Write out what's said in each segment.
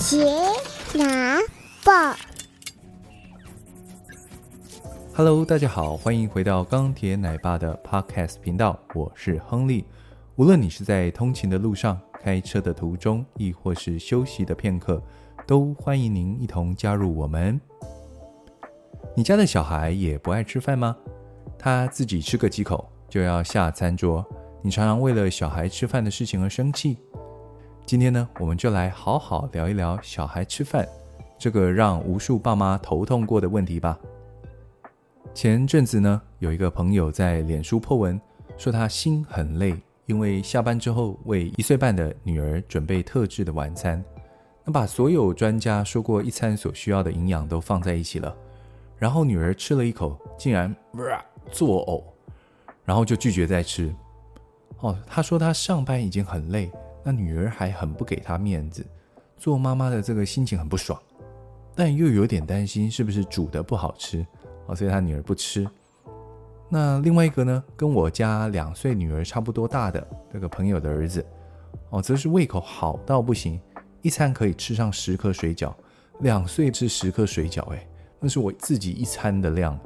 《杰拿報》Hello，大家好，歡迎回到鋼鐵奶爸的 Podcast 頻道，我是亨利。無論你是在通勤的路上、開車的途中，亦或是休息的片刻，都歡迎您一同加入我們。你家的小孩也不愛吃飯嗎？他自己吃個幾口就要下餐桌，你常常為了小孩吃飯的事情而生氣。今天呢，我們就來好好聊一聊小孩吃飯這個讓無數爸媽頭痛過的問題吧。前陣子呢，有一個朋友在臉書 PO 文，說他心很累，因為下班之後為一歲半的女兒準備特制的晚餐，那把所有專家說過一餐所需要的營養都放在一起了，然後女兒吃了一口，竟然、呃、作嘔，然後就拒絕再吃。哦，他說他上班已經很累。那女兒還很不給她面子，做媽媽的這個心情很不爽，但又有點擔心是不是煮的不好吃啊，所以她女兒不吃。那另外一個呢，跟我家兩歲女兒差不多大的這個朋友的兒子哦，則是胃口好到不行，一餐可以吃上十顆水餃，兩歲吃十顆水餃哎，那是我自己一餐的量。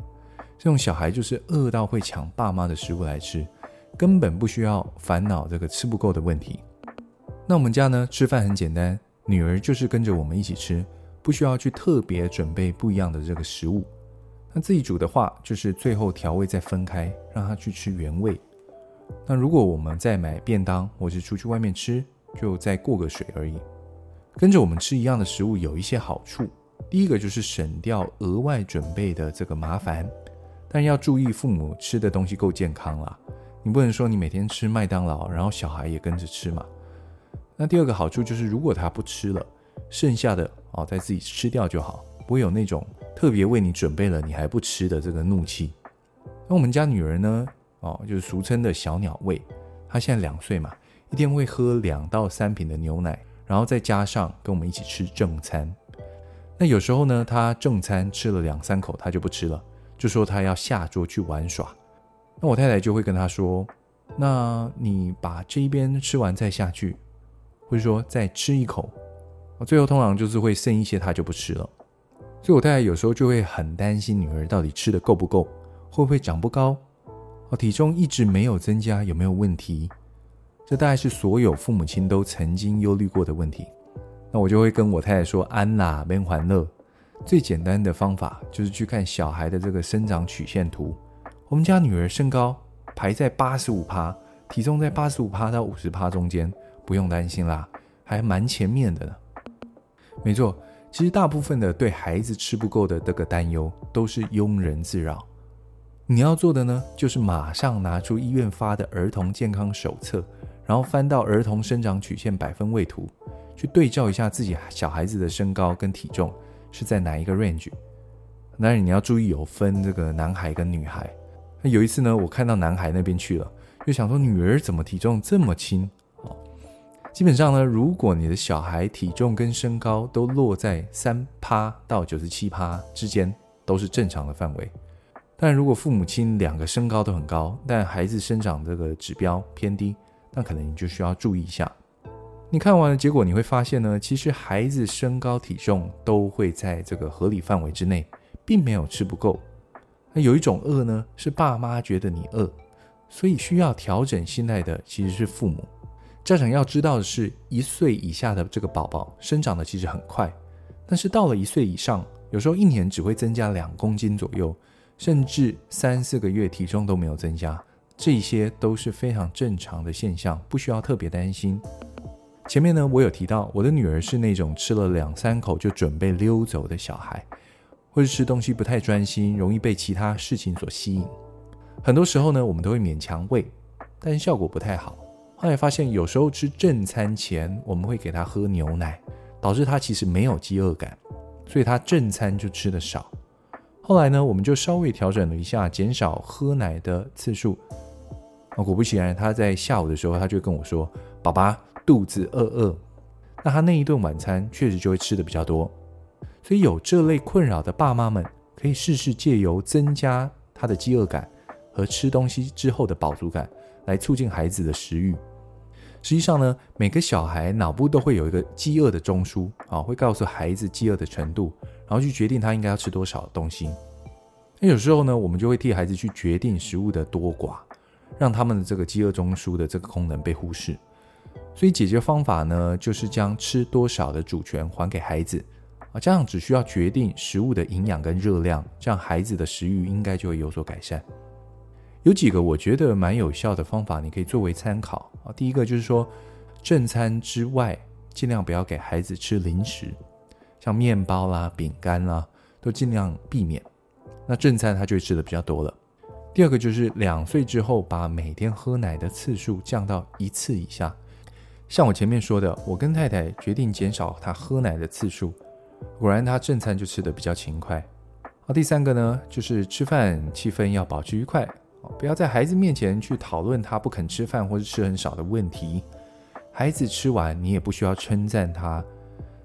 這種小孩就是餓到會搶爸媽的食物來吃，根本不需要煩惱這個吃不夠的問題。那我們家呢？吃飯很簡單，女兒就是跟着我們一起吃，不需要去特別準備不一樣的這個食物。那自己煮的話，就是最後調味再分開，讓她去吃原味。那如果我們再買便當或是出去外面吃，就再過個水而已。跟着我們吃一樣的食物有一些好處，第一個就是省掉額外準備的這個麻煩，但要注意父母吃的東西夠健康啦，你不能說你每天吃麥當勞，然後小孩也跟着吃嘛。那第二個好處就是，如果他不吃了，剩下的哦，再自己吃掉就好，不會有那種特別為你準備了你還不吃的這個怒氣。那我們家女兒呢，哦，就是俗稱的小鳥胃，她現在兩歲嘛，一天會喝兩到三瓶的牛奶，然後再加上跟我們一起吃正餐。那有時候呢，她正餐吃了兩三口，她就不吃了，就說她要下桌去玩耍。那我太太就會跟她說：“那你把這一邊吃完再下去。”就是說，再吃一口，最後通常就是會剩一些，他就不吃了。所以我太太有時候就會很擔心，女兒到底吃得夠不夠，會不會長不高，體重一直沒有增加，有沒有問題？這大概是所有父母親都曾經憂慮過的問題。那我就會跟我太太說：“安啦，免煩惱。最簡單的方法就是去看小孩的這個生長曲線圖。我們家女兒身高排在八十五趴，體重在八十五趴到五十趴中間。”不用擔心啦，還蠻前面的呢。沒錯，其實大部分的對孩子吃不夠的這個擔憂都是庸人自擾。你要做的呢，就是馬上拿出醫院發的兒童健康手冊，然後翻到兒童生長曲線百分位圖，去對照一下自己小孩子的身高跟體重是在哪一個 range。當然你要注意有分這個男孩跟女孩。那有一次呢，我看到男孩那邊去了，就想說，女兒怎麼體重這麼輕？基本上呢，如果你的小孩體重跟身高都落在三趴到九十七趴之間，都是正常的範圍。但如果父母親兩個身高都很高，但孩子生長這個指標偏低，那可能你就需要注意一下。你看完了結果，你會發現呢，其實孩子身高體重都會在這個合理範圍之內，並沒有吃不夠。那有一種餓呢，是爸媽覺得你餓，所以需要調整心態的其實是父母。家長要知道的是，一歲以下的這個寶寶生長得其實很快，但是到了一歲以上，有時候一年只會增加兩公斤左右，甚至三四個月體重都沒有增加，這些都是非常正常的現象，不需要特別擔心。前面呢，我有提到，我的女兒是那種吃了兩三口就準備溜走的小孩，或者吃東西不太專心，容易被其他事情所吸引。很多時候呢，我們都會勉強餵，但效果不太好。他也發現，有時候吃正餐前，我們會給他喝牛奶，導致他其實沒有飢餓感，所以他正餐就吃得少。後來呢，我們就稍微調整了一下，減少喝奶的次數。啊，果不其然，他在下午的時候，他就跟我說：“爸爸肚子餓餓。”那他那一頓晚餐確實就會吃得比較多。所以有這類困擾的爸媽們，可以試試借由增加他的飢餓感和吃東西之後的飽足感，來促進孩子的食慾。實際上呢，每個小孩腦部都會有一個飢餓的中樞啊，會告訴孩子飢餓的程度，然後去決定他應該要吃多少東西。那有時候呢，我們就會替孩子去決定食物的多寡，讓他們的這個飢餓中樞的這個功能被忽視。所以解決方法呢，就是將吃多少的主權還給孩子啊，家長只需要決定食物的營養跟熱量，這樣孩子的食慾應該就會有所改善。有幾個我覺得蠻有效的方法，你可以作為參考啊。第一個就是說，正餐之外，盡量不要給孩子吃零食，像麵包啦、餅乾啦，都盡量避免。那正餐他就會吃的比較多了。第二個就是兩歲之後，把每天喝奶的次數降到一次以下。像我前面說的，我跟太太決定減少他喝奶的次數，果然他正餐就吃的比較勤快。好，第三個呢，就是吃飯氣氛要保持愉快。不要在孩子面前去討論他不肯吃飯或是吃很少的問題。孩子吃完，你也不需要稱讚他；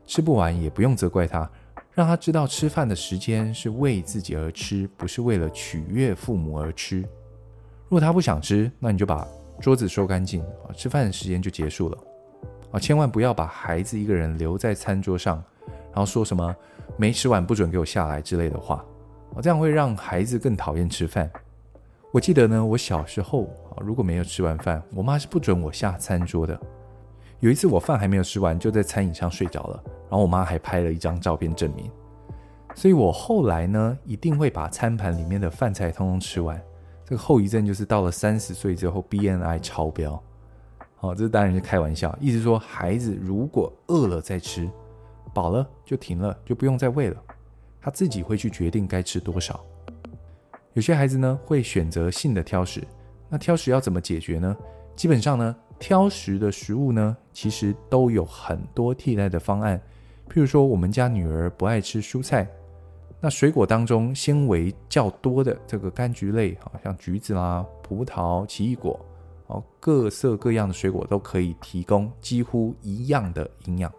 吃不完，也不用責怪他。讓他知道吃飯的時間是為自己而吃，不是為了取悅父母而吃。如果他不想吃，那你就把桌子收乾淨，啊，吃飯的時間就結束了。啊，千萬不要把孩子一個人留在餐桌上，然後說什麼“沒吃完不准給我下來”之類的話。啊，這樣會讓孩子更討厭吃飯。我記得呢，我小時候啊，如果沒有吃完飯，我媽是不准我下餐桌的。有一次我飯還沒有吃完，就在餐椅上睡着了，然後我媽還拍了一張照片證明。所以我後來呢，一定會把餐盤裡面的飯菜通通吃完。這個後遺症就是到了三十歲之後，BMI 超標。好、哦，這當然是開玩笑，意思說孩子如果餓了再吃，飽了就停了，就不用再餵了，他自己會去決定該吃多少。有些孩子呢會選擇性的挑食，那挑食要怎麼解決呢？基本上呢，挑食的食物呢，其實都有很多替代的方案。譬如說，我們家女兒不愛吃蔬菜，那水果當中纖維較多的這個柑橘類，好像橘子啦、葡萄、奇異果，哦，各色各樣的水果都可以提供幾乎一樣的營養。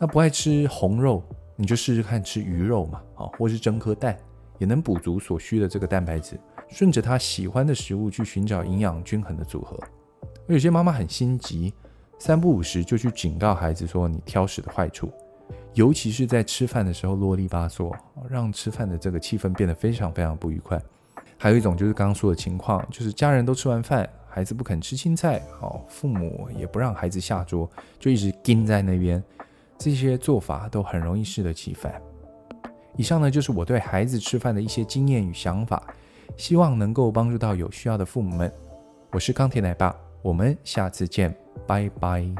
那不愛吃紅肉，你就試試看吃魚肉嘛，哦，或是蒸顆蛋，也能補足所需的這個蛋白質，順着他喜歡的食物去尋找營養均衡的組合。有些媽媽很心急，三不五時就去警告孩子說你挑食的壞處，尤其是在吃飯的時候囉里吧嗦，讓吃飯的這個氣氛變得非常非常不愉快。還有一種就是剛剛說的情況，就是家人都吃完飯，孩子不肯吃青菜哦，父母也不讓孩子下桌，就一直盯在那邊，這些做法都很容易適得其反。以上呢，就是我對孩子吃飯的一些經驗與想法，希望能夠幫助到有需要的父母們。我是鋼鐵奶爸，我們下次見，拜拜。